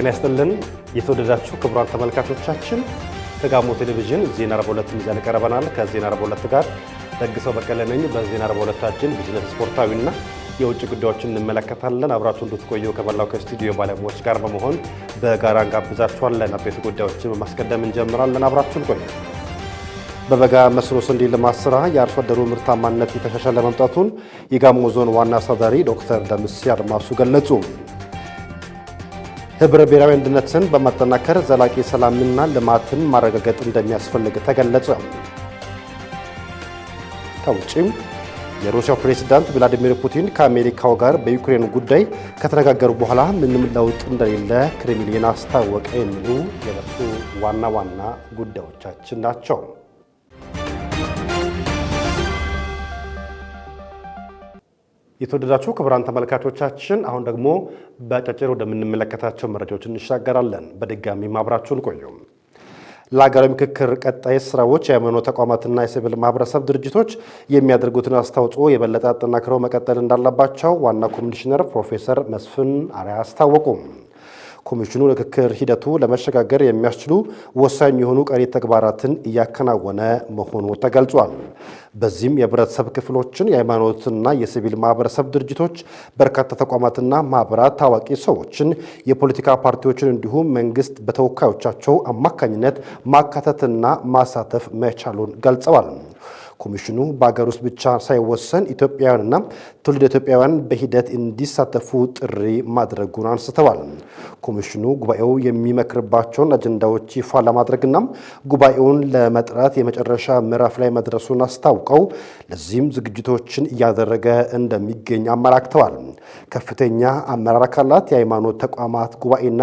ጤና ይስጥልን የተወደዳችሁ ክቡራን ተመልካቾቻችን ከጋሞ ቴሌቪዥን ዜና አርባ ሁለት ይዘን ቀርበናል። ከዜና አርባ ሁለት ጋር ደግሰው በቀለ ነኝ። በዜና አርባ ሁለታችን ቢዝነስ፣ ስፖርታዊና የውጭ ጉዳዮችን እንመለከታለን። አብራችሁ እንድትቆዩ ከመላው ከስቱዲዮ ባለሙያዎች ጋር በመሆን በጋራ እንጋብዛችኋለን። አቤት ጉዳዮችን በማስቀደም እንጀምራለን። አብራችሁን ቆዩ። በበጋ መስኖ ስንዴ ልማት ስራ የአርሶ አደሩ ምርታማነት የተሻሻለ መምጣቱን የጋሞ ዞን ዋና አስተዳዳሪ ዶክተር ደምስ አድማሱ ገለጹ። ህብረ ብሔራዊ አንድነትን በማጠናከር ዘላቂ ሰላምና ልማትን ማረጋገጥ እንደሚያስፈልግ ተገለጸ። ከውጭም የሩሲያው ፕሬዚዳንት ቭላዲሚር ፑቲን ከአሜሪካው ጋር በዩክሬን ጉዳይ ከተነጋገሩ በኋላ ምንም ለውጥ እንደሌለ ክሬምሊን አስታወቀ። የሚሉ የዕለቱ ዋና ዋና ጉዳዮቻችን ናቸው። የተወደዳችሁ ክቡራን ተመልካቾቻችን አሁን ደግሞ በአጫጭር ወደምንመለከታቸው መረጃዎች እንሻገራለን። በድጋሚ ማብራችሁን ቆዩ። ለሀገራዊ ምክክር ቀጣይ ስራዎች የሃይማኖት ተቋማትና የሲቪል ማህበረሰብ ድርጅቶች የሚያደርጉትን አስተዋጽኦ የበለጠ አጠናክረው መቀጠል እንዳለባቸው ዋና ኮሚሽነር ፕሮፌሰር መስፍን አርአያ አስታወቁ። ኮሚሽኑ ምክክር ሂደቱ ለመሸጋገር የሚያስችሉ ወሳኝ የሆኑ ቀሪ ተግባራትን እያከናወነ መሆኑ ተገልጿል። በዚህም የህብረተሰብ ክፍሎችን፣ የሃይማኖትና የሲቪል ማህበረሰብ ድርጅቶች፣ በርካታ ተቋማትና ማህበራት፣ ታዋቂ ሰዎችን፣ የፖለቲካ ፓርቲዎችን እንዲሁም መንግስት በተወካዮቻቸው አማካኝነት ማካተትና ማሳተፍ መቻሉን ገልጸዋል። ኮሚሽኑ በሀገር ውስጥ ብቻ ሳይወሰን ኢትዮጵያውያንና ትውልድ ኢትዮጵያውያን በሂደት እንዲሳተፉ ጥሪ ማድረጉን አንስተዋል። ኮሚሽኑ ጉባኤው የሚመክርባቸውን አጀንዳዎች ይፋ ለማድረግና ጉባኤውን ለመጥራት የመጨረሻ ምዕራፍ ላይ መድረሱን አስታውቀው ለዚህም ዝግጅቶችን እያደረገ እንደሚገኝ አመላክተዋል። ከፍተኛ አመራር አካላት፣ የሃይማኖት ተቋማት ጉባኤና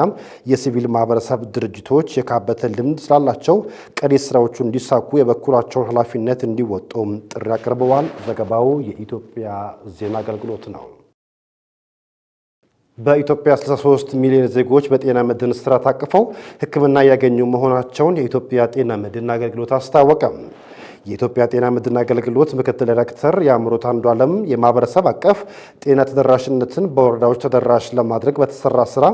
የሲቪል ማህበረሰብ ድርጅቶች የካበተ ልምድ ስላላቸው ቀሪ ስራዎቹ እንዲሳኩ የበኩላቸውን ኃላፊነት እንዲወጡ እንዲወጡም ጥሪ አቅርበዋል። ዘገባው የኢትዮጵያ ዜና አገልግሎት ነው። በኢትዮጵያ 63 ሚሊዮን ዜጎች በጤና መድን ስራ ታቅፈው ሕክምና ያገኙ መሆናቸውን የኢትዮጵያ ጤና መድን አገልግሎት አስታወቀ። የኢትዮጵያ ጤና መድን አገልግሎት ምክትል ዳይሬክተር የአእምሮት አንዱ ዓለም የማህበረሰብ አቀፍ ጤና ተደራሽነትን በወረዳዎች ተደራሽ ለማድረግ በተሰራ ስራ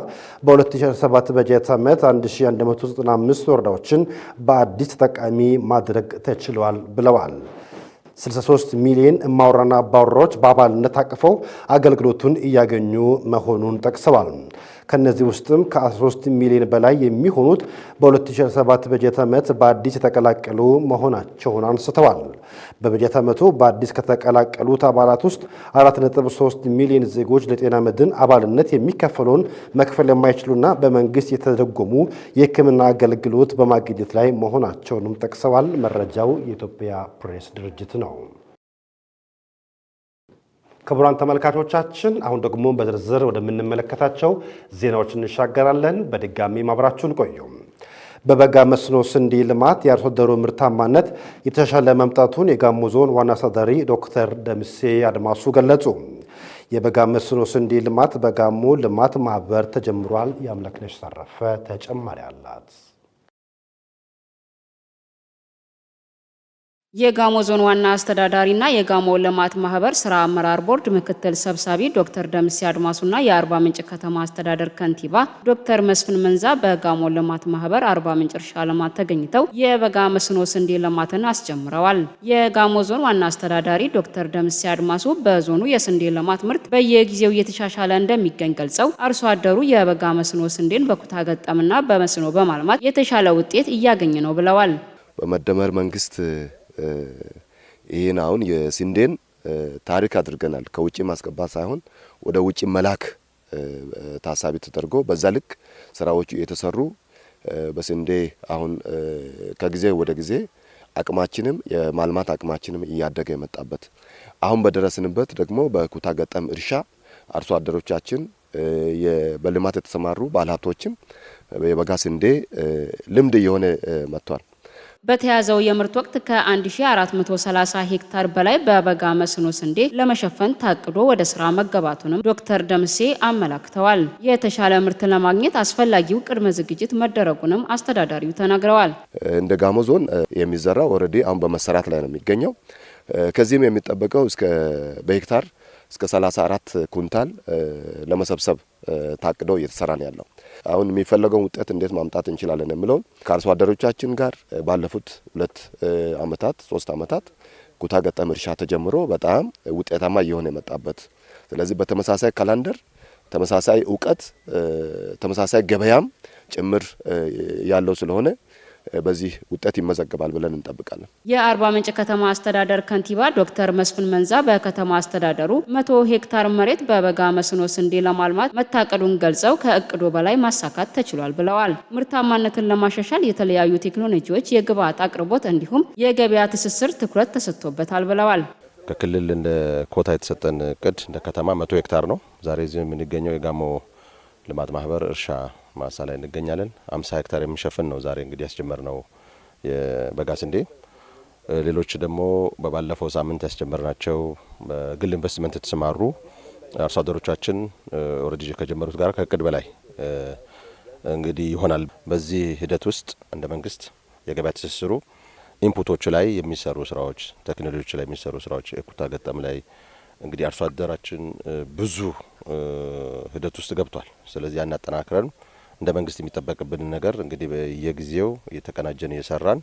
በ2017 በጀት ዓመት 1195 ወረዳዎችን በአዲስ ተጠቃሚ ማድረግ ተችሏል ብለዋል። 63 ሚሊዮን እማወራና አባወራዎች በአባልነት ታቅፈው አገልግሎቱን እያገኙ መሆኑን ጠቅሰዋል። ከነዚህ ውስጥም ከ13 ሚሊዮን በላይ የሚሆኑት በ2017 በጀት ዓመት በአዲስ የተቀላቀሉ መሆናቸውን አንስተዋል። በበጀት ዓመቱ በአዲስ ከተቀላቀሉት አባላት ውስጥ 4.3 ሚሊዮን ዜጎች ለጤና መድን አባልነት የሚከፈለውን መክፈል የማይችሉና በመንግስት የተደጎሙ የሕክምና አገልግሎት በማግኘት ላይ መሆናቸውንም ጠቅሰዋል። መረጃው የኢትዮጵያ ፕሬስ ድርጅት ነው። ክቡራን ተመልካቾቻችን አሁን ደግሞ በዝርዝር ወደምንመለከታቸው ዜናዎች እንሻገራለን። በድጋሚ ማብራችሁን ቆዩ። በበጋ መስኖ ስንዴ ልማት የአርሶ አደሩ ምርታማነት የተሻለ መምጣቱን የጋሞ ዞን ዋና አስተዳዳሪ ዶክተር ደምሴ አድማሱ ገለጹ። የበጋ መስኖ ስንዴ ልማት በጋሞ ልማት ማህበር ተጀምሯል። የአምላክነሽ ተረፈ ተጨማሪ አላት። የጋሞ ዞን ዋና አስተዳዳሪና የጋሞ ልማት ማህበር ስራ አመራር ቦርድ ምክትል ሰብሳቢ ዶክተር ደምሴ አድማሱና የአርባ ምንጭ ከተማ አስተዳደር ከንቲባ ዶክተር መስፍን መንዛ በጋሞ ልማት ማህበር አርባ ምንጭ እርሻ ልማት ተገኝተው የበጋ መስኖ ስንዴ ልማትን አስጀምረዋል። የጋሞ ዞን ዋና አስተዳዳሪ ዶክተር ደምሴ አድማሱ በዞኑ የስንዴ ልማት ምርት በየጊዜው እየተሻሻለ እንደሚገኝ ገልጸው አርሶ አደሩ የበጋ መስኖ ስንዴን በኩታ ገጠምና በመስኖ በማልማት የተሻለ ውጤት እያገኘ ነው ብለዋል። በመደመር መንግስት ይህን አሁን የስንዴን ታሪክ አድርገናል። ከውጭ ማስገባት ሳይሆን ወደ ውጭ መላክ ታሳቢ ተደርጎ በዛ ልክ ስራዎቹ የተሰሩ በስንዴ አሁን ከጊዜ ወደ ጊዜ አቅማችንም የማልማት አቅማችንም እያደገ የመጣበት አሁን በደረስንበት ደግሞ በኩታ ገጠም እርሻ አርሶ አደሮቻችን በልማት የተሰማሩ ባለሀብቶችም የበጋ ስንዴ ልምድ እየሆነ መጥቷል። በተያዘው የምርት ወቅት ከ1430 ሄክታር በላይ በበጋ መስኖ ስንዴ ለመሸፈን ታቅዶ ወደ ስራ መገባቱንም ዶክተር ደምሴ አመላክተዋል። የተሻለ ምርት ለማግኘት አስፈላጊው ቅድመ ዝግጅት መደረጉንም አስተዳዳሪው ተናግረዋል። እንደ ጋሞ ዞን የሚዘራው ኦልሬዲ አሁን በመሰራት ላይ ነው የሚገኘው። ከዚህም የሚጠበቀው በሄክታር እስከ 34 ኩንታል ለመሰብሰብ ታቅዶ እየተሰራ ነው ያለው። አሁን የሚፈለገውን ውጤት እንዴት ማምጣት እንችላለን የሚለውን ከአርሶ አደሮቻችን ጋር ባለፉት ሁለት አመታት ሶስት አመታት ኩታ ገጠም እርሻ ተጀምሮ በጣም ውጤታማ እየሆነ የመጣበት ስለዚህ በተመሳሳይ ካላንደር ተመሳሳይ እውቀት ተመሳሳይ ገበያም ጭምር ያለው ስለሆነ በዚህ ውጤት ይመዘገባል ብለን እንጠብቃለን። የአርባ ምንጭ ከተማ አስተዳደር ከንቲባ ዶክተር መስፍን መንዛ በከተማ አስተዳደሩ መቶ ሄክታር መሬት በበጋ መስኖ ስንዴ ለማልማት መታቀዱን ገልጸው ከእቅዱ በላይ ማሳካት ተችሏል ብለዋል። ምርታማነትን ለማሻሻል የተለያዩ ቴክኖሎጂዎች፣ የግብዓት አቅርቦት እንዲሁም የገበያ ትስስር ትኩረት ተሰጥቶበታል ብለዋል። ከክልል እንደ ኮታ የተሰጠን እቅድ እንደ ከተማ መቶ ሄክታር ነው። ዛሬ እዚህ የምንገኘው የጋሞ ልማት ማህበር እርሻ ማሳ ላይ እንገኛለን። አምሳ ሄክታር የሚሸፍን ነው ዛሬ እንግዲህ ነው የበጋ ስንዴ። ሌሎች ደግሞ በባለፈው ሳምንት ናቸው በግል ኢንቨስትመንት የተሰማሩ አርሶ አደሮቻችን ኦልሬዲ ከጀመሩት ጋር ከእቅድ በላይ እንግዲህ ይሆናል። በዚህ ሂደት ውስጥ እንደ መንግስት የገበያ ትስስሩ ኢንፑቶች ላይ የሚሰሩ ስራዎች፣ ቴክኖሎጂዎች ላይ የሚሰሩ ስራዎች፣ የኩታ ገጠም ላይ እንግዲህ አርሶ አደራችን ብዙ ሂደት ውስጥ ገብቷል። ስለዚህ ያን አጠናክረን እንደ መንግስት የሚጠበቅብን ነገር እንግዲህ በየጊዜው እየተቀናጀን እየሰራን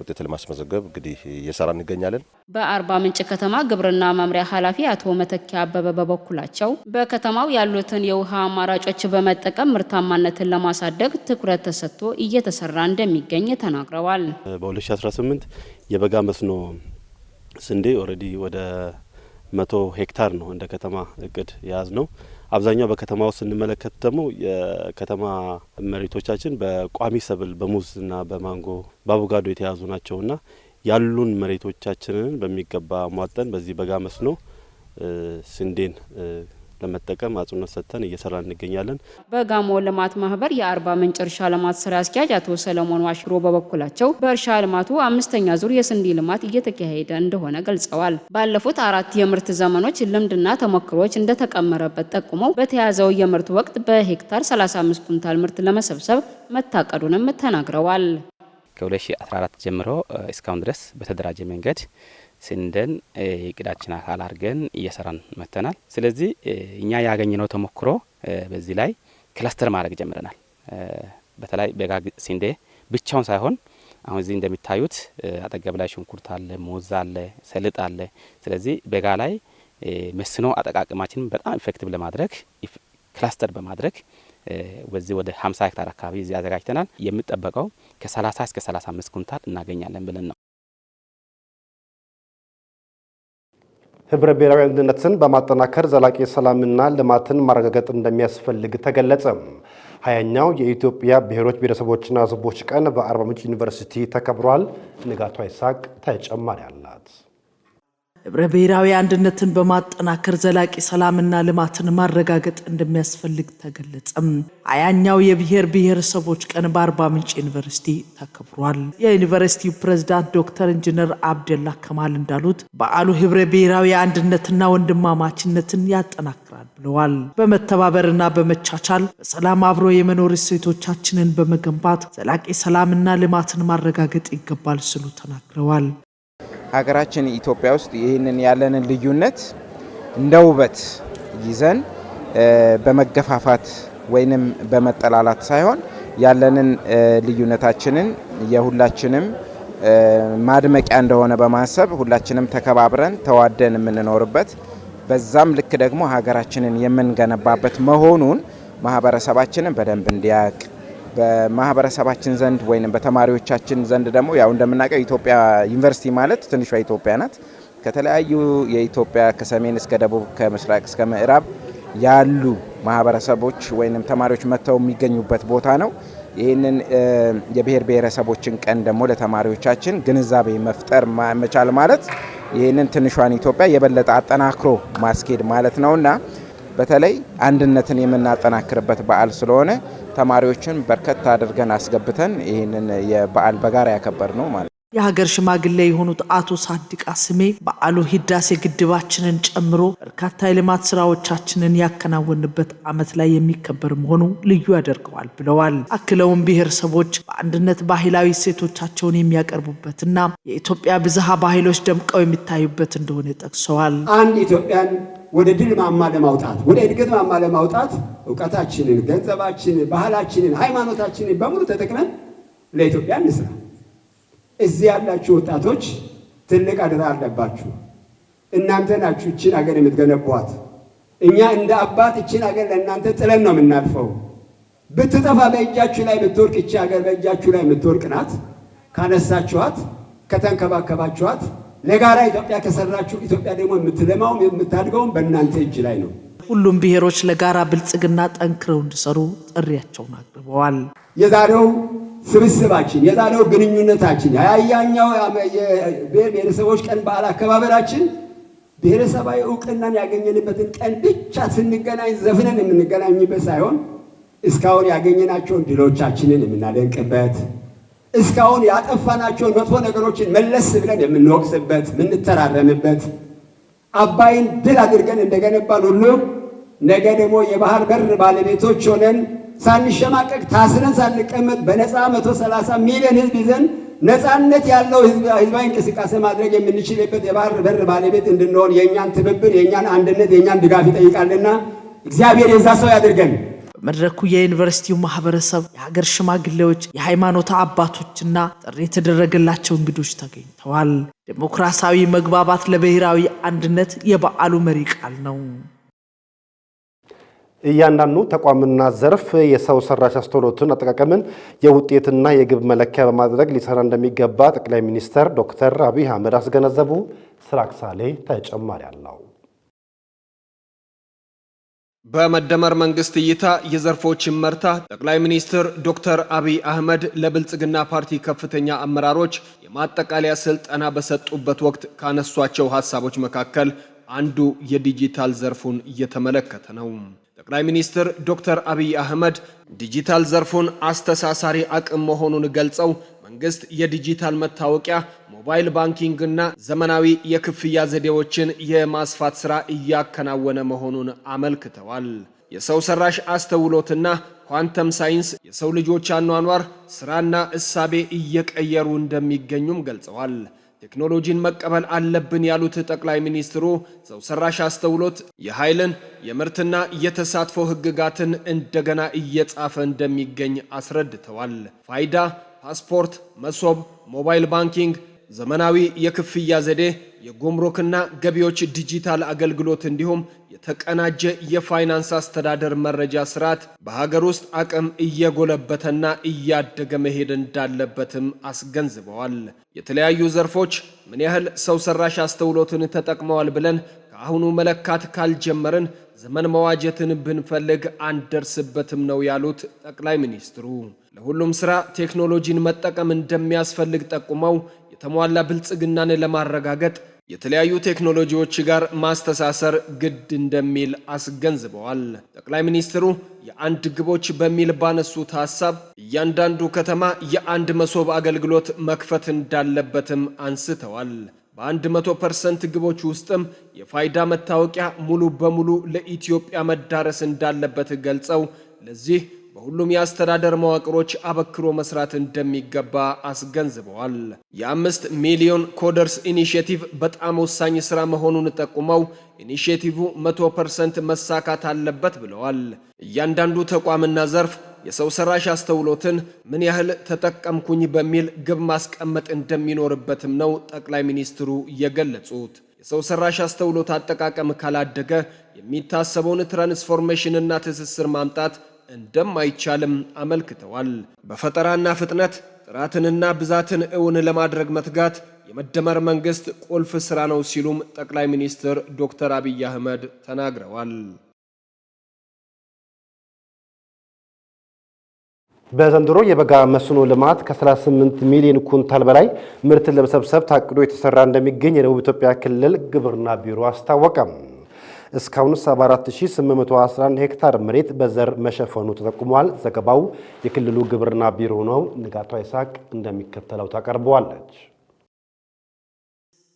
ውጤት ለማስመዘገብ እንግዲህ እየሰራ እንገኛለን። በአርባ ምንጭ ከተማ ግብርና መምሪያ ኃላፊ አቶ መተኪያ አበበ በበኩላቸው በከተማው ያሉትን የውሃ አማራጮች በመጠቀም ምርታማነትን ለማሳደግ ትኩረት ተሰጥቶ እየተሰራ እንደሚገኝ ተናግረዋል። በ2018 የበጋ መስኖ ስንዴ ኦልሬዲ ወደ መቶ ሄክታር ነው እንደ ከተማ እቅድ የያዝ ነው። አብዛኛው በከተማ ውስጥ ስንመለከት ደግሞ የከተማ መሬቶቻችን በቋሚ ሰብል በሙዝና በማንጎ በአቮጋዶ የተያዙ ናቸውና ያሉን መሬቶቻችንን በሚገባ ሟጠን በዚህ በጋ መስኖ ስንዴን ለመጠቀም አጽንኦት ሰጥተን እየሰራ እንገኛለን። በጋሞ ልማት ማህበር የአርባ ምንጭ እርሻ ልማት ስራ አስኪያጅ አቶ ሰለሞን ዋሽሮ በበኩላቸው በእርሻ ልማቱ አምስተኛ ዙር የስንዴ ልማት እየተካሄደ እንደሆነ ገልጸዋል። ባለፉት አራት የምርት ዘመኖች ልምድና ተሞክሮዎች እንደተቀመረበት ጠቁመው በተያዘው የምርት ወቅት በሄክታር 35 ኩንታል ምርት ለመሰብሰብ መታቀዱንም ተናግረዋል። ከ2014 ጀምሮ እስካሁን ድረስ በተደራጀ መንገድ ስንደን የቅዳችን አካል አድርገን እየሰራን መጥተናል። ስለዚህ እኛ ያገኘነው ተሞክሮ በዚህ ላይ ክላስተር ማድረግ ጀምረናል። በተለይ በጋግ ስንዴ ብቻውን ሳይሆን አሁን እዚህ እንደሚታዩት አጠገብ ላይ ሽንኩርት አለ፣ ሞዝ አለ፣ ሰልጥ አለ። ስለዚህ በጋ ላይ መስኖ አጠቃቀማችን በጣም ኢፌክቲቭ ለማድረግ ክላስተር በማድረግ በዚህ ወደ 50 ሄክታር አካባቢ እዚህ አዘጋጅተናል። የሚጠበቀው ከ30 እስከ 35 ኩንታል እናገኛለን ብለን ነው። ህብረ ብሔራዊ አንድነትን በማጠናከር ዘላቂ ሰላምና ልማትን ማረጋገጥ እንደሚያስፈልግ ተገለጸ። ሀያኛው የኢትዮጵያ ብሔሮች ብሔረሰቦችና ህዝቦች ቀን በአርባ ምንጭ ዩኒቨርሲቲ ተከብሯል። ንጋቱ ይስሐቅ ተጨማሪ አለ። ህብረ ብሔራዊ አንድነትን በማጠናከር ዘላቂ ሰላምና ልማትን ማረጋገጥ እንደሚያስፈልግ ተገለጸም። ሀያኛው የብሔር ብሔረሰቦች ቀን በአርባ ምንጭ ዩኒቨርሲቲ ተከብሯል። የዩኒቨርሲቲው ፕሬዝዳንት ዶክተር ኢንጂነር አብደላ ከማል እንዳሉት በዓሉ ህብረ ብሔራዊ አንድነትና ወንድማማችነትን ያጠናክራል ብለዋል። በመተባበርና በመቻቻል በሰላም አብሮ የመኖር እሴቶቻችንን በመገንባት ዘላቂ ሰላምና ልማትን ማረጋገጥ ይገባል ስሉ ተናግረዋል። ሀገራችን ኢትዮጵያ ውስጥ ይህንን ያለንን ልዩነት እንደ ውበት ይዘን በመገፋፋት ወይንም በመጠላላት ሳይሆን ያለንን ልዩነታችንን የሁላችንም ማድመቂያ እንደሆነ በማሰብ ሁላችንም ተከባብረን ተዋደን የምንኖርበት በዛም ልክ ደግሞ ሀገራችንን የምንገነባበት መሆኑን ማህበረሰባችንን በደንብ እንዲያውቅ በማህበረሰባችን ዘንድ ወይም በተማሪዎቻችን ዘንድ ደግሞ ያው እንደምናውቀው ኢትዮጵያ ዩኒቨርሲቲ ማለት ትንሿ ኢትዮጵያ ናት። ከተለያዩ የኢትዮጵያ ከሰሜን እስከ ደቡብ ከምስራቅ እስከ ምዕራብ ያሉ ማህበረሰቦች ወይም ተማሪዎች መጥተው የሚገኙበት ቦታ ነው። ይህንን የብሔር ብሔረሰቦችን ቀን ደግሞ ለተማሪዎቻችን ግንዛቤ መፍጠር መቻል ማለት ይህንን ትንሿን ኢትዮጵያ የበለጠ አጠናክሮ ማስኬድ ማለት ነውና በተለይ አንድነትን የምናጠናክርበት በዓል ስለሆነ ተማሪዎችን በርከት አድርገን አስገብተን ይህንን የበዓል በጋራ ያከበር ነው ማለት ነው። የሀገር ሽማግሌ የሆኑት አቶ ሳዲቃ ስሜ በዓሉ ህዳሴ ግድባችንን ጨምሮ በርካታ የልማት ስራዎቻችንን ያከናወንበት ዓመት ላይ የሚከበር መሆኑ ልዩ ያደርገዋል ብለዋል። አክለውም ብሔረሰቦች በአንድነት ባህላዊ እሴቶቻቸውን የሚያቀርቡበትና የኢትዮጵያ ብዝሃ ባህሎች ደምቀው የሚታዩበት እንደሆነ ጠቅሰዋል። አንድ ኢትዮጵያን ወደ ድል ማማ ለማውጣት ወደ እድገት ማማ ለማውጣት እውቀታችንን፣ ገንዘባችንን፣ ባህላችንን፣ ሃይማኖታችንን በሙሉ ተጠቅመን ለኢትዮጵያ እንስራ። እዚህ ያላችሁ ወጣቶች ትልቅ አደራ አለባችሁ። እናንተ ናችሁ እችን አገር የምትገነቧት። እኛ እንደ አባት እችን አገር ለእናንተ ጥለን ነው የምናልፈው። ብትጠፋ በእጃችሁ ላይ የምትወርቅ እቺ አገር በእጃችሁ ላይ የምትወርቅ ናት። ካነሳችኋት ከተንከባከባችኋት ለጋራ ኢትዮጵያ ከሰራችሁ ኢትዮጵያ ደግሞ የምትለማውም የምታድገውም በእናንተ እጅ ላይ ነው። ሁሉም ብሔሮች ለጋራ ብልጽግና ጠንክረው እንዲሰሩ ጥሪያቸውን አቅርበዋል። የዛሬው ስብስባችን የዛሬው ግንኙነታችን አያያኛው ብሔረሰቦች ቀን በዓል አከባበራችን ብሔረሰባዊ እውቅናን ያገኘንበትን ቀን ብቻ ስንገናኝ ዘፍነን የምንገናኝበት ሳይሆን እስካሁን ያገኘናቸውን ድሎቻችንን የምናደንቅበት እስካሁን ያጠፋናቸውን መጥፎ ነገሮችን መለስ ብለን የምንወቅስበት የምንተራረምበት አባይን ድል አድርገን እንደገነባን ሁሉ ነገ ደግሞ የባህር በር ባለቤቶች ሆነን ሳንሸማቀቅ ታስረን ሳንቀመጥ በነፃ መቶ ሰላሳ ሚሊዮን ህዝብ ይዘን ነፃነት ያለው ህዝባዊ እንቅስቃሴ ማድረግ የምንችልበት የባህር በር ባለቤት እንድንሆን የእኛን ትብብር፣ የእኛን አንድነት፣ የእኛን ድጋፍ ይጠይቃልና እግዚአብሔር የዛ ሰው ያድርገን። መድረኩ የዩኒቨርሲቲው ማህበረሰብ፣ የሀገር ሽማግሌዎች፣ የሃይማኖት አባቶችና ጥሪ የተደረገላቸው እንግዶች ተገኝተዋል። ዴሞክራሲያዊ መግባባት ለብሔራዊ አንድነት የበዓሉ መሪ ቃል ነው። እያንዳንዱ ተቋምና ዘርፍ የሰው ሰራሽ አስተውሎትን አጠቃቀምን የውጤትና የግብ መለኪያ በማድረግ ሊሰራ እንደሚገባ ጠቅላይ ሚኒስትር ዶክተር አብይ አህመድ አስገነዘቡ። ስራክሳሌ ተጨማሪ አለው። በመደመር መንግስት እይታ የዘርፎችን መርታ ጠቅላይ ሚኒስትር ዶክተር አብይ አህመድ ለብልጽግና ፓርቲ ከፍተኛ አመራሮች የማጠቃለያ ስልጠና በሰጡበት ወቅት ካነሷቸው ሀሳቦች መካከል አንዱ የዲጂታል ዘርፉን እየተመለከተ ነው። ጠቅላይ ሚኒስትር ዶክተር አብይ አህመድ ዲጂታል ዘርፉን አስተሳሳሪ አቅም መሆኑን ገልጸው መንግስት የዲጂታል መታወቂያ፣ ሞባይል ባንኪንግና ዘመናዊ የክፍያ ዘዴዎችን የማስፋት ሥራ እያከናወነ መሆኑን አመልክተዋል። የሰው ሰራሽ አስተውሎትና ኳንተም ሳይንስ የሰው ልጆች አኗኗር ሥራና እሳቤ እየቀየሩ እንደሚገኙም ገልጸዋል። ቴክኖሎጂን መቀበል አለብን ያሉት ጠቅላይ ሚኒስትሩ ሰው ሰራሽ አስተውሎት የኃይልን የምርትና የተሳትፎ ሕግጋትን እንደገና እየጻፈ እንደሚገኝ አስረድተዋል። ፋይዳ ፓስፖርት፣ መሶብ፣ ሞባይል ባንኪንግ፣ ዘመናዊ የክፍያ ዘዴ፣ የጉምሩክና ገቢዎች ዲጂታል አገልግሎት እንዲሁም የተቀናጀ የፋይናንስ አስተዳደር መረጃ ስርዓት በሀገር ውስጥ አቅም እየጎለበተና እያደገ መሄድ እንዳለበትም አስገንዝበዋል። የተለያዩ ዘርፎች ምን ያህል ሰው ሰራሽ አስተውሎትን ተጠቅመዋል ብለን ከአሁኑ መለካት ካልጀመርን ዘመን መዋጀትን ብንፈልግ አንደርስበትም ነው ያሉት ጠቅላይ ሚኒስትሩ ለሁሉም ስራ ቴክኖሎጂን መጠቀም እንደሚያስፈልግ ጠቁመው የተሟላ ብልጽግናን ለማረጋገጥ የተለያዩ ቴክኖሎጂዎች ጋር ማስተሳሰር ግድ እንደሚል አስገንዝበዋል። ጠቅላይ ሚኒስትሩ የአንድ ግቦች በሚል ባነሱት ሀሳብ እያንዳንዱ ከተማ የአንድ መሶብ አገልግሎት መክፈት እንዳለበትም አንስተዋል። በአንድ መቶ ፐርሰንት ግቦች ውስጥም የፋይዳ መታወቂያ ሙሉ በሙሉ ለኢትዮጵያ መዳረስ እንዳለበት ገልጸው ለዚህ በሁሉም የአስተዳደር መዋቅሮች አበክሮ መስራት እንደሚገባ አስገንዝበዋል። የአምስት ሚሊዮን ኮደርስ ኢኒሽቲቭ በጣም ወሳኝ ስራ መሆኑን ጠቁመው ኢኒሽቲቭ መቶ ፐርሰንት መሳካት አለበት ብለዋል። እያንዳንዱ ተቋምና ዘርፍ የሰው ሰራሽ አስተውሎትን ምን ያህል ተጠቀምኩኝ በሚል ግብ ማስቀመጥ እንደሚኖርበትም ነው ጠቅላይ ሚኒስትሩ የገለጹት። የሰው ሰራሽ አስተውሎት አጠቃቀም ካላደገ የሚታሰበውን ትራንስፎርሜሽንና ትስስር ማምጣት እንደማይቻልም አመልክተዋል። በፈጠራና ፍጥነት ጥራትንና ብዛትን እውን ለማድረግ መትጋት የመደመር መንግስት ቁልፍ ስራ ነው ሲሉም ጠቅላይ ሚኒስትር ዶክተር አብይ አህመድ ተናግረዋል። በዘንድሮ የበጋ መስኖ ልማት ከ38 ሚሊዮን ኩንታል በላይ ምርትን ለመሰብሰብ ታቅዶ የተሰራ እንደሚገኝ የደቡብ ኢትዮጵያ ክልል ግብርና ቢሮ አስታወቀም። እስካሁን 74811 ሄክታር መሬት በዘር መሸፈኑ ተጠቁሟል። ዘገባው የክልሉ ግብርና ቢሮ ነው። ንጋቷ ይሳቅ እንደሚከተለው ታቀርበዋለች።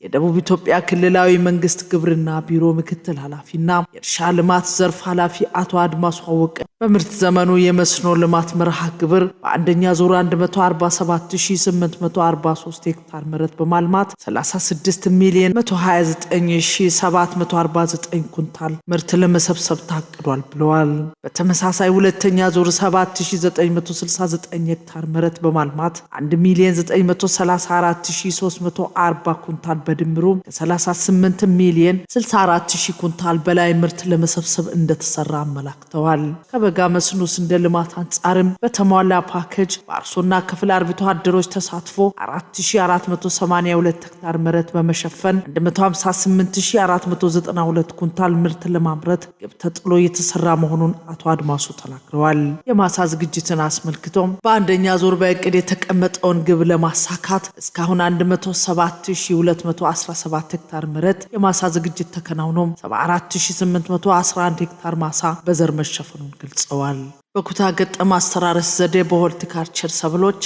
የደቡብ ኢትዮጵያ ክልላዊ መንግስት ግብርና ቢሮ ምክትል ኃላፊና የእርሻ ልማት ዘርፍ ኃላፊ አቶ አድማሱ አወቀ በምርት ዘመኑ የመስኖ ልማት መርሃ ግብር በአንደኛ ዙር 147843 ሄክታር መሬት በማልማት 36 ሚሊዮን 129749 ኩንታል ምርት ለመሰብሰብ ታቅዷል ብለዋል። በተመሳሳይ ሁለተኛ ዙር 7969 ሄክታር መሬት በማልማት 1 ሚሊዮን 934340 ኩንታል በድምሩ ከ38 ሚሊየን 64 ሺህ ኩንታል በላይ ምርት ለመሰብሰብ እንደተሰራ አመላክተዋል። ከበጋ መስኖ ስንዴ ልማት አንጻርም በተሟላ ፓኬጅ በአርሶና ክፍል አርብቶ አደሮች ተሳትፎ 4482 ሄክታር መሬት በመሸፈን 158492 ኩንታል ምርት ለማምረት ግብ ተጥሎ የተሰራ መሆኑን አቶ አድማሱ ተናግረዋል። የማሳ ዝግጅትን አስመልክቶም በአንደኛ ዙር በእቅድ የተቀመጠውን ግብ ለማሳካት እስካሁን 172 117 ሄክታር መሬት የማሳ ዝግጅት ተከናውኖ 74811 ሄክታር ማሳ በዘር መሸፈኑን ገልጸዋል። በኩታ ገጠም አስተራረስ ዘዴ በሆልቲካልቸር ሰብሎች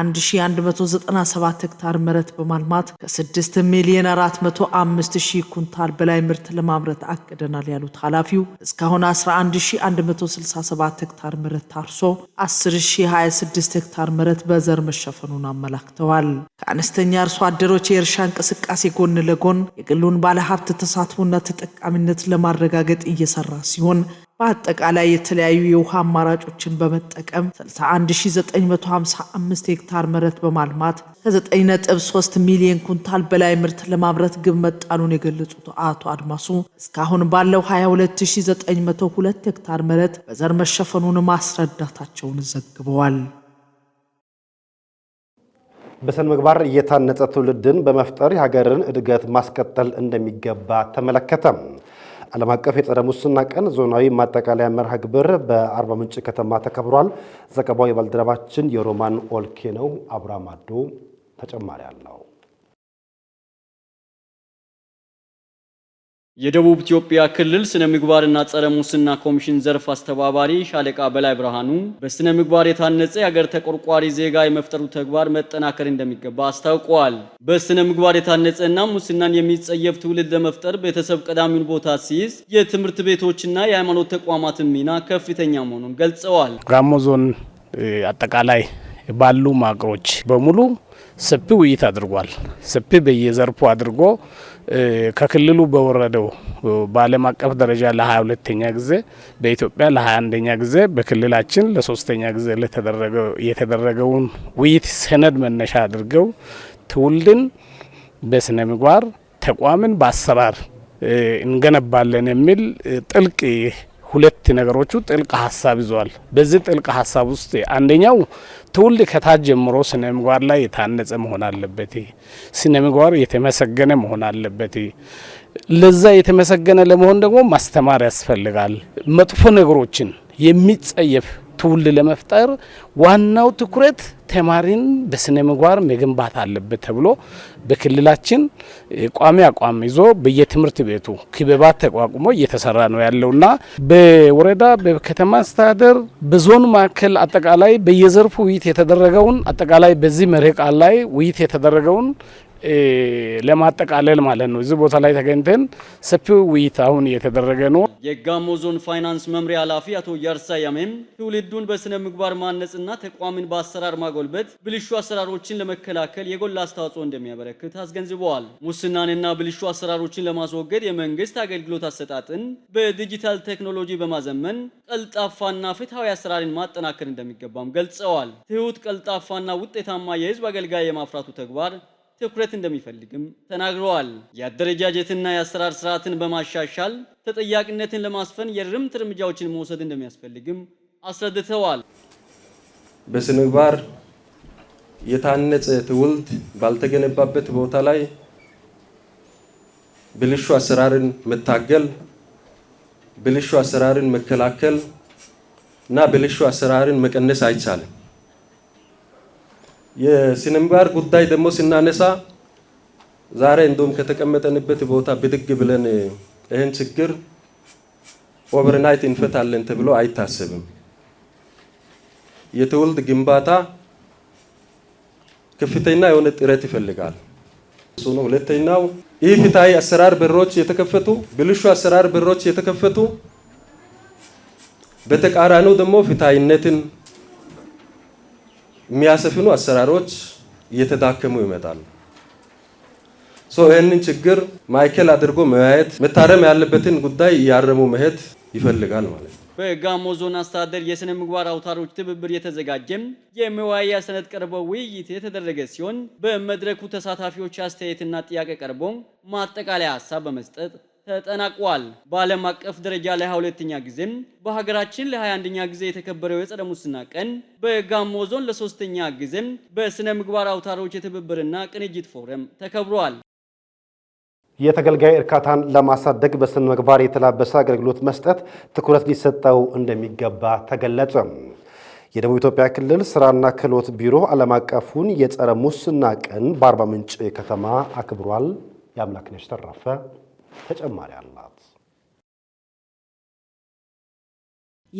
1197 ሄክታር መሬት በማልማት ከ6 ሚሊዮን 405 ሺህ ኩንታል በላይ ምርት ለማምረት አቅደናል ያሉት ኃላፊው እስካሁን 11167 ሄክታር መሬት ታርሶ 10026 ሄክታር መሬት በዘር መሸፈኑን አመላክተዋል። ከአነስተኛ አርሶ አደሮች የእርሻ እንቅስቃሴ ጎን ለጎን የግሉን ባለሀብት ተሳትፎና ተጠቃሚነት ለማረጋገጥ እየሰራ ሲሆን በአጠቃላይ የተለያዩ የውሃ አማራጮችን በመጠቀም 61955 ሄክታር መሬት በማልማት ከ9.3 ሚሊዮን ኩንታል በላይ ምርት ለማምረት ግብ መጣሉን የገለጹት አቶ አድማሱ እስካሁን ባለው 22902 ሄክታር መሬት በዘር መሸፈኑን ማስረዳታቸውን ዘግበዋል። በስነ ምግባር እየታነጸ ትውልድን በመፍጠር የሀገርን እድገት ማስቀጠል እንደሚገባ ተመለከተም። ዓለም አቀፍ የጸረ ሙስና ቀን ዞናዊ ማጠቃለያ መርሃ ግብር በአርባ ምንጭ ከተማ ተከብሯል። ዘገባው የባልደረባችን የሮማን ኦልኬ ነው። አብራማዶ ተጨማሪ አለው። የደቡብ ኢትዮጵያ ክልል ስነ ምግባርና ጸረ ሙስና ኮሚሽን ዘርፍ አስተባባሪ ሻለቃ በላይ ብርሃኑ በስነ ምግባር የታነጸ የአገር ተቆርቋሪ ዜጋ የመፍጠሩ ተግባር መጠናከር እንደሚገባ አስታውቀዋል። በስነ ምግባር የታነጸና ሙስናን የሚጸየፍ ትውልድ ለመፍጠር ቤተሰብ ቀዳሚውን ቦታ ሲይዝ የትምህርት ቤቶችና የሃይማኖት ተቋማትን ሚና ከፍተኛ መሆኑን ገልጸዋል። ጋሞ ዞን አጠቃላይ ባሉ ማቅሮች በሙሉ ሰፊ ውይይት አድርጓል። ሰፊ በየዘርፉ አድርጎ ከክልሉ በወረደው በዓለም አቀፍ ደረጃ ለሀያ ሁለተኛ ጊዜ በኢትዮጵያ ለ21ኛ ጊዜ በክልላችን ለሶስተኛ ጊዜ የተደረገውን ውይይት ሰነድ መነሻ አድርገው ትውልድን በስነ ምግባር ተቋምን በአሰራር እንገነባለን የሚል ጥልቅ ሁለት ነገሮቹ ጥልቅ ሀሳብ ይዘዋል። በዚህ ጥልቅ ሀሳብ ውስጥ አንደኛው ትውልድ ከታች ጀምሮ ስነ ምግባር ላይ የታነጸ መሆን አለበት። ስነ ምግባር የተመሰገነ መሆን አለበት። ለዛ የተመሰገነ ለመሆን ደግሞ ማስተማር ያስፈልጋል። መጥፎ ነገሮችን የሚጸየፍ ትውልድ ለመፍጠር ዋናው ትኩረት ተማሪን በስነ ምግባር መገንባት አለበት ተብሎ በክልላችን ቋሚ አቋም ይዞ በየትምህርት ቤቱ ክበባት ተቋቁሞ እየተሰራ ነው ያለውና በወረዳ በከተማ አስተዳደር በዞን ማዕከል አጠቃላይ በየዘርፉ ውይይት የተደረገውን አጠቃላይ በዚህ መርህ ቃል ላይ ውይይት የተደረገውን ለማጠቃለል ማለት ነው። እዚህ ቦታ ላይ ተገኝተን ሰፊው ውይይት አሁን እየተደረገ ነው። የጋሞ ዞን ፋይናንስ መምሪያ ኃላፊ አቶ ያርሳ ያሜም ትውልዱን በስነ ምግባር ማነጽና ተቋምን በአሰራር ማጎልበት ብልሹ አሰራሮችን ለመከላከል የጎላ አስተዋጽኦ እንደሚያበረክት አስገንዝበዋል። ሙስናንና ብልሹ አሰራሮችን ለማስወገድ የመንግስት አገልግሎት አሰጣጥን በዲጂታል ቴክኖሎጂ በማዘመን ቀልጣፋና ፍትሐዊ አሰራርን ማጠናከር እንደሚገባም ገልጸዋል። ትሁት ቀልጣፋና ውጤታማ የህዝብ አገልጋይ የማፍራቱ ተግባር ትኩረት እንደሚፈልግም ተናግረዋል። የአደረጃጀትና የአሰራር ስርዓትን በማሻሻል ተጠያቂነትን ለማስፈን የርምት እርምጃዎችን መውሰድ እንደሚያስፈልግም አስረድተዋል። በስነ ምግባር የታነጸ ትውልድ ባልተገነባበት ቦታ ላይ ብልሹ አሰራርን መታገል፣ ብልሹ አሰራርን መከላከል እና ብልሹ አሰራርን መቀነስ አይቻልም። የስነ ምግባር ጉዳይ ደግሞ ስናነሳ ዛሬ እንደውም ከተቀመጠንበት ቦታ ብድግ ብለን ይህን ችግር ኦቨርናይት እንፈታለን ተብሎ አይታሰብም። የትውልድ ግንባታ ከፍተኛ የሆነ ጥረት ይፈልጋል። እሱ ነው። ሁለተኛው ይህ ኢፍትሐዊ አሰራር በሮች የተከፈቱ ብልሹ አሰራር በሮች የተከፈቱ በተቃራኒው ደግሞ ፍትሐዊነትን የሚያሰፍኑ አሰራሮች እየተዳከሙ ይመጣሉ። ይህንን ችግር ማዕከል አድርጎ መያየት መታረም ያለበትን ጉዳይ እያረሙ መሄድ ይፈልጋል ማለት ነው። በጋሞ ዞን አስተዳደር የስነ ምግባር አውታሮች ትብብር የተዘጋጀም የመወያያ ሰነድ ቀርቦ ውይይት የተደረገ ሲሆን በመድረኩ ተሳታፊዎች አስተያየትና ጥያቄ ቀርቦ ማጠቃለያ ሀሳብ በመስጠት ተጠናቋል። በዓለም አቀፍ ደረጃ ለ22ኛ ጊዜም በሀገራችን ለ21ኛ ጊዜ የተከበረው የጸረ ሙስና ቀን በጋሞ ዞን ለሶስተኛ ጊዜም በስነ ምግባር አውታሮች የትብብርና ቅንጅት ፎረም ተከብሯል። የተገልጋይ እርካታን ለማሳደግ በስነ ምግባር የተላበሰ አገልግሎት መስጠት ትኩረት ሊሰጠው እንደሚገባ ተገለጸ። የደቡብ ኢትዮጵያ ክልል ስራና ክህሎት ቢሮ ዓለም አቀፉን የጸረ ሙስና ቀን በአርባ ምንጭ ከተማ አክብሯል። የአምላክነሽ ተራፈ ተጨማሪ አላት።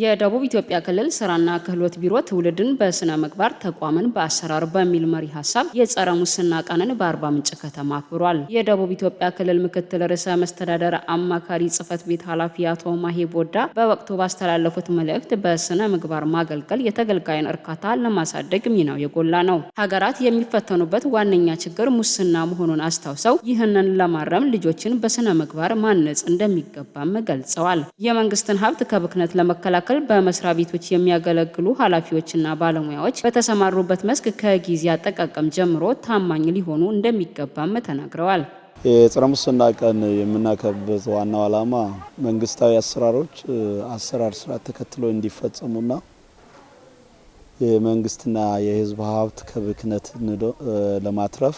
የደቡብ ኢትዮጵያ ክልል ስራና ክህሎት ቢሮ ትውልድን በስነ ምግባር ተቋምን በአሰራር በሚል መሪ ሀሳብ የጸረ ሙስና ቀንን በአርባ ምንጭ ከተማ አክብሯል። የደቡብ ኢትዮጵያ ክልል ምክትል ርዕሰ መስተዳደር አማካሪ ጽህፈት ቤት ኃላፊ አቶ ማሄ ቦዳ በወቅቱ ባስተላለፉት መልእክት በስነ ምግባር ማገልገል የተገልጋይን እርካታ ለማሳደግ ሚናው የጎላ ነው። ሀገራት የሚፈተኑበት ዋነኛ ችግር ሙስና መሆኑን አስታውሰው ይህንን ለማረም ልጆችን በስነ ምግባር ማነጽ እንደሚገባም ገልጸዋል። የመንግስትን ሀብት ከብክነት ለመከላከል መካከል በመስሪያ ቤቶች የሚያገለግሉ ኃላፊዎችና ባለሙያዎች በተሰማሩበት መስክ ከጊዜ አጠቃቀም ጀምሮ ታማኝ ሊሆኑ እንደሚገባም ተናግረዋል። የጸረ ሙስና ቀን የምናከብበት ዋናው ዓላማ መንግስታዊ አሰራሮች አሰራር ስርዓት ተከትሎ እንዲፈጸሙና የመንግስትና የሕዝብ ሀብት ከብክነት ለማትረፍ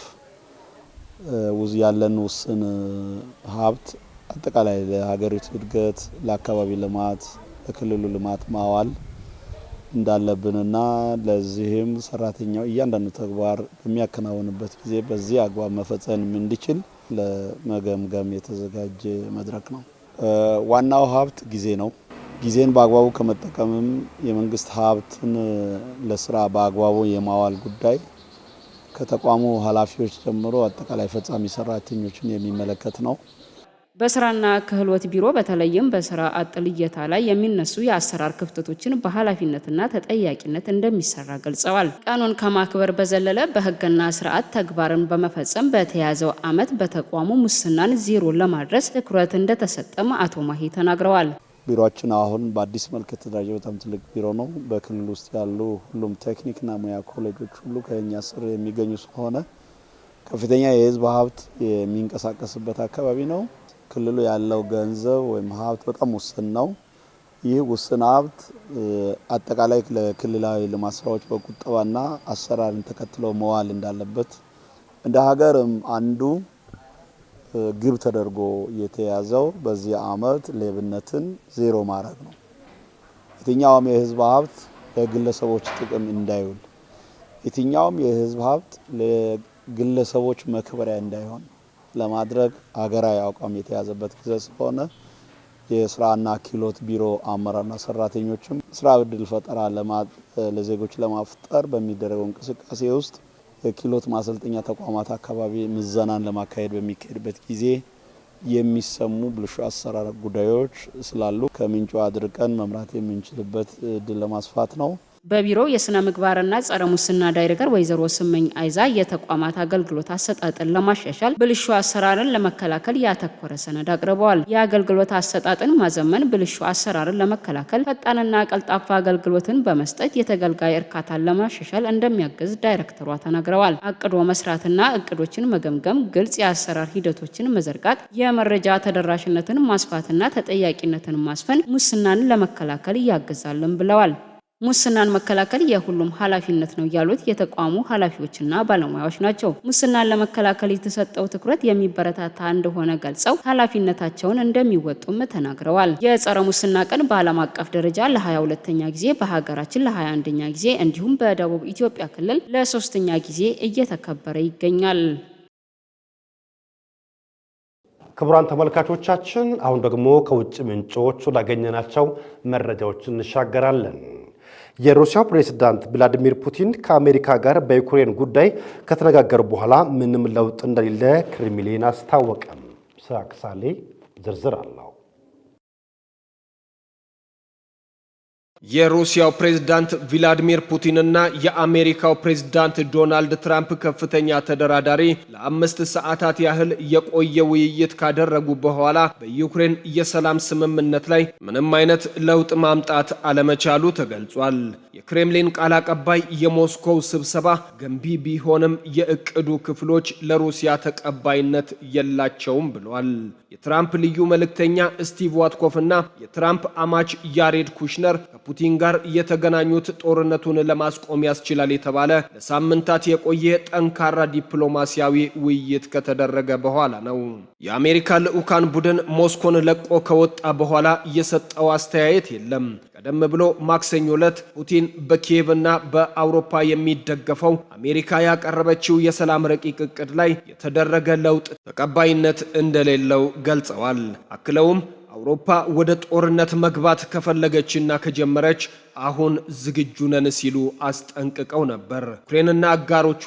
ያለን ውስን ሀብት አጠቃላይ ለሀገሪቱ እድገት፣ ለአካባቢ ልማት ለክልሉ ልማት ማዋል እንዳለብንና ለዚህም ሰራተኛው እያንዳንዱ ተግባር በሚያከናውንበት ጊዜ በዚህ አግባብ መፈጸም እንዲችል ለመገምገም የተዘጋጀ መድረክ ነው። ዋናው ሀብት ጊዜ ነው። ጊዜን በአግባቡ ከመጠቀምም የመንግስት ሀብትን ለስራ በአግባቡ የማዋል ጉዳይ ከተቋሙ ኃላፊዎች ጀምሮ አጠቃላይ ፈጻሚ ሰራተኞችን የሚመለከት ነው። በስራና ክህሎት ቢሮ በተለይም በስራ አጥ ልየታ ላይ የሚነሱ የአሰራር ክፍተቶችን በኃላፊነትና ተጠያቂነት እንደሚሰራ ገልጸዋል። ቀኑን ከማክበር በዘለለ በህግና ስርዓት ተግባርን በመፈጸም በተያዘው ዓመት በተቋሙ ሙስናን ዜሮ ለማድረስ ትኩረት እንደተሰጠም አቶ ማሄ ተናግረዋል። ቢሮችን አሁን በአዲስ መልክ የተደራጀ በጣም ትልቅ ቢሮ ነው። በክልል ውስጥ ያሉ ሁሉም ቴክኒክና ሙያ ኮሌጆች ሁሉ ከኛ ስር የሚገኙ ስለሆነ ከፍተኛ የህዝብ ሀብት የሚንቀሳቀስበት አካባቢ ነው። ክልሉ ያለው ገንዘብ ወይም ሀብት በጣም ውስን ነው። ይህ ውስን ሀብት አጠቃላይ ለክልላዊ ልማት ስራዎች በቁጠባና አሰራርን ተከትሎ መዋል እንዳለበት እንደ ሀገርም አንዱ ግብ ተደርጎ የተያዘው በዚህ አመት ሌብነትን ዜሮ ማድረግ ነው። የትኛውም የህዝብ ሀብት ለግለሰቦች ጥቅም እንዳይውል፣ የትኛውም የህዝብ ሀብት ለግለሰቦች መክበሪያ እንዳይሆን ለማድረግ ሀገራዊ አቋም የተያዘበት ጊዜ ስለሆነ የስራና ክህሎት ቢሮ አመራርና ሰራተኞችም ስራ እድል ፈጠራ ለዜጎች ለማፍጠር በሚደረገው እንቅስቃሴ ውስጥ የክህሎት ማሰልጠኛ ተቋማት አካባቢ ምዘናን ለማካሄድ በሚካሄድበት ጊዜ የሚሰሙ ብልሹ አሰራር ጉዳዮች ስላሉ ከምንጩ አድርቀን መምራት የምንችልበት እድል ለማስፋት ነው። በቢሮው የስነ ምግባርና ጸረ ሙስና ዳይሬክተር ወይዘሮ ስመኝ አይዛ የተቋማት አገልግሎት አሰጣጥን ለማሻሻል ብልሹ አሰራርን ለመከላከል ያተኮረ ሰነድ አቅርበዋል። የአገልግሎት አሰጣጥን ማዘመን ብልሹ አሰራርን ለመከላከል ፈጣንና ቀልጣፋ አገልግሎትን በመስጠት የተገልጋይ እርካታን ለማሻሻል እንደሚያግዝ ዳይሬክተሯ ተናግረዋል። አቅዶ መስራትና እቅዶችን መገምገም፣ ግልጽ የአሰራር ሂደቶችን መዘርጋት፣ የመረጃ ተደራሽነትን ማስፋትና ተጠያቂነትን ማስፈን ሙስናን ለመከላከል ያግዛልን ብለዋል። ሙስናን መከላከል የሁሉም ኃላፊነት ነው ያሉት የተቋሙ ኃላፊዎችና ባለሙያዎች ናቸው። ሙስናን ለመከላከል የተሰጠው ትኩረት የሚበረታታ እንደሆነ ገልጸው ኃላፊነታቸውን እንደሚወጡም ተናግረዋል። የጸረ ሙስና ቀን በዓለም አቀፍ ደረጃ ለ 22 ተኛ ጊዜ በሀገራችን ለ21ኛ ጊዜ እንዲሁም በደቡብ ኢትዮጵያ ክልል ለሶስተኛ ጊዜ እየተከበረ ይገኛል። ክቡራን ተመልካቾቻችን አሁን ደግሞ ከውጭ ምንጮች ላገኘናቸው መረጃዎች እንሻገራለን። የሩሲያው ፕሬዝዳንት ቭላዲሚር ፑቲን ከአሜሪካ ጋር በዩክሬን ጉዳይ ከተነጋገሩ በኋላ ምንም ለውጥ እንደሌለ ክሬምሊን አስታወቀም። ክሳሌ ዝርዝር አለው። የሩሲያው ፕሬዝዳንት ቪላዲሚር ፑቲንና የአሜሪካው ፕሬዝዳንት ዶናልድ ትራምፕ ከፍተኛ ተደራዳሪ ለአምስት ሰዓታት ያህል የቆየ ውይይት ካደረጉ በኋላ በዩክሬን የሰላም ስምምነት ላይ ምንም አይነት ለውጥ ማምጣት አለመቻሉ ተገልጿል። የክሬምሊን ቃል አቀባይ የሞስኮው ስብሰባ ገንቢ ቢሆንም የእቅዱ ክፍሎች ለሩሲያ ተቀባይነት የላቸውም ብሏል። የትራምፕ ልዩ መልእክተኛ ስቲቭ ዋትኮፍ እና የትራምፕ አማች ያሬድ ኩሽነር ፑቲን ጋር የተገናኙት ጦርነቱን ለማስቆም ያስችላል የተባለ ለሳምንታት የቆየ ጠንካራ ዲፕሎማሲያዊ ውይይት ከተደረገ በኋላ ነው። የአሜሪካ ልዑካን ቡድን ሞስኮን ለቆ ከወጣ በኋላ የሰጠው አስተያየት የለም። ቀደም ብሎ ማክሰኞ ዕለት ፑቲን በኪየቭ እና በአውሮፓ የሚደገፈው አሜሪካ ያቀረበችው የሰላም ረቂቅ እቅድ ላይ የተደረገ ለውጥ ተቀባይነት እንደሌለው ገልጸዋል። አክለውም አውሮፓ ወደ ጦርነት መግባት ከፈለገችና ከጀመረች አሁን ዝግጁ ነን ሲሉ አስጠንቅቀው ነበር። ዩክሬንና አጋሮቿ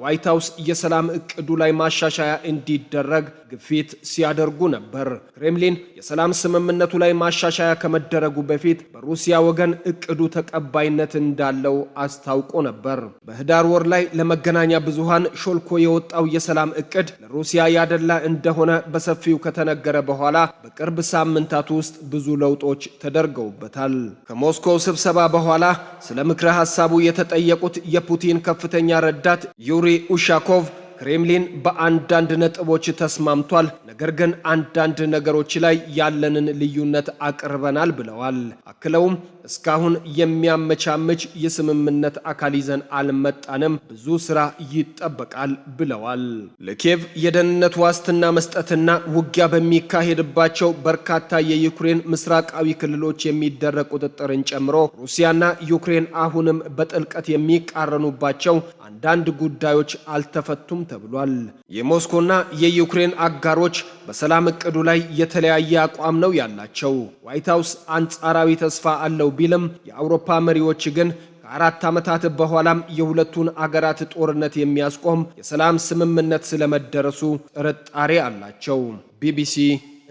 ዋይት ሀውስ የሰላም እቅዱ ላይ ማሻሻያ እንዲደረግ ግፊት ሲያደርጉ ነበር። ክሬምሊን የሰላም ስምምነቱ ላይ ማሻሻያ ከመደረጉ በፊት በሩሲያ ወገን እቅዱ ተቀባይነት እንዳለው አስታውቆ ነበር። በህዳር ወር ላይ ለመገናኛ ብዙሃን ሾልኮ የወጣው የሰላም እቅድ ለሩሲያ ያደላ እንደሆነ በሰፊው ከተነገረ በኋላ በቅርብ ሳምንታት ውስጥ ብዙ ለውጦች ተደርገውበታል። ከሞስኮው ስብሰባ ስብሰባ በኋላ ስለ ምክረ ሐሳቡ የተጠየቁት የፑቲን ከፍተኛ ረዳት ዩሪ ኡሻኮቭ ክሬምሊን በአንዳንድ ነጥቦች ተስማምቷል፣ ነገር ግን አንዳንድ ነገሮች ላይ ያለንን ልዩነት አቅርበናል ብለዋል። አክለውም እስካሁን የሚያመቻመች የስምምነት አካል ይዘን አልመጣንም፣ ብዙ ስራ ይጠበቃል ብለዋል። ለኬቭ የደህንነት ዋስትና መስጠትና ውጊያ በሚካሄድባቸው በርካታ የዩክሬን ምስራቃዊ ክልሎች የሚደረግ ቁጥጥርን ጨምሮ ሩሲያና ዩክሬን አሁንም በጥልቀት የሚቃረኑባቸው አንዳንድ ጉዳዮች አልተፈቱም ተብሏል። የሞስኮና የዩክሬን አጋሮች በሰላም እቅዱ ላይ የተለያየ አቋም ነው ያላቸው። ዋይት ሀውስ አንጻራዊ ተስፋ አለው ቢልም የአውሮፓ መሪዎች ግን ከአራት ዓመታት በኋላም የሁለቱን አገራት ጦርነት የሚያስቆም የሰላም ስምምነት ስለመደረሱ ጥርጣሬ አላቸው። ቢቢሲ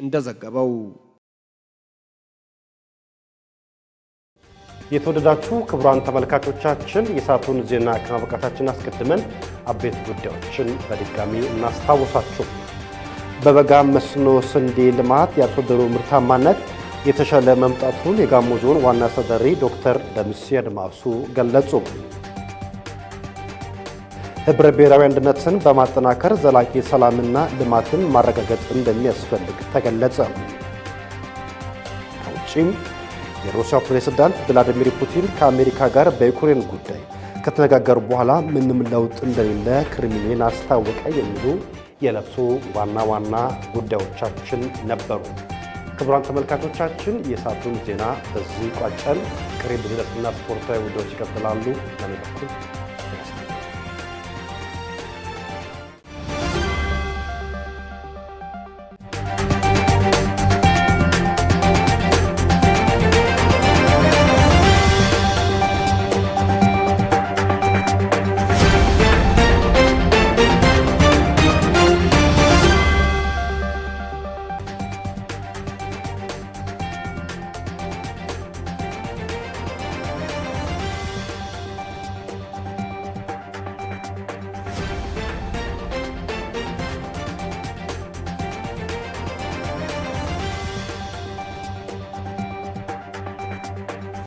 እንደዘገበው የተወደዳችሁ ክቡራን ተመልካቾቻችን የሰዓቱን ዜና ከማብቃታችን አስቀድመን አበይት ጉዳዮችን በድጋሚ እናስታውሳችሁ። በበጋ መስኖ ስንዴ ልማት የአርሶ አደሩ ምርታማነት የተሻለ መምጣቱን የጋሞ ዞን ዋና አስተዳዳሪ ዶክተር ደምሴ አድማሱ ገለጹ። ህብረ ብሔራዊ አንድነትን በማጠናከር ዘላቂ ሰላምና ልማትን ማረጋገጥ እንደሚያስፈልግ ተገለጸ። ከውጭም የሩሲያው ፕሬዝዳንት ቭላዲሚር ፑቲን ከአሜሪካ ጋር በዩክሬን ጉዳይ ከተነጋገሩ በኋላ ምንም ለውጥ እንደሌለ ክሬምሊን አስታወቀ። የሚሉ የዕለቱ ዋና ዋና ጉዳዮቻችን ነበሩ። ክቡራን ተመልካቾቻችን የሰዓቱን ዜና በዚህ ቋጨን። ቅሪ ብዝነትና ስፖርታዊ ጉዳዮች ይቀጥላሉ። ለሚጠቁም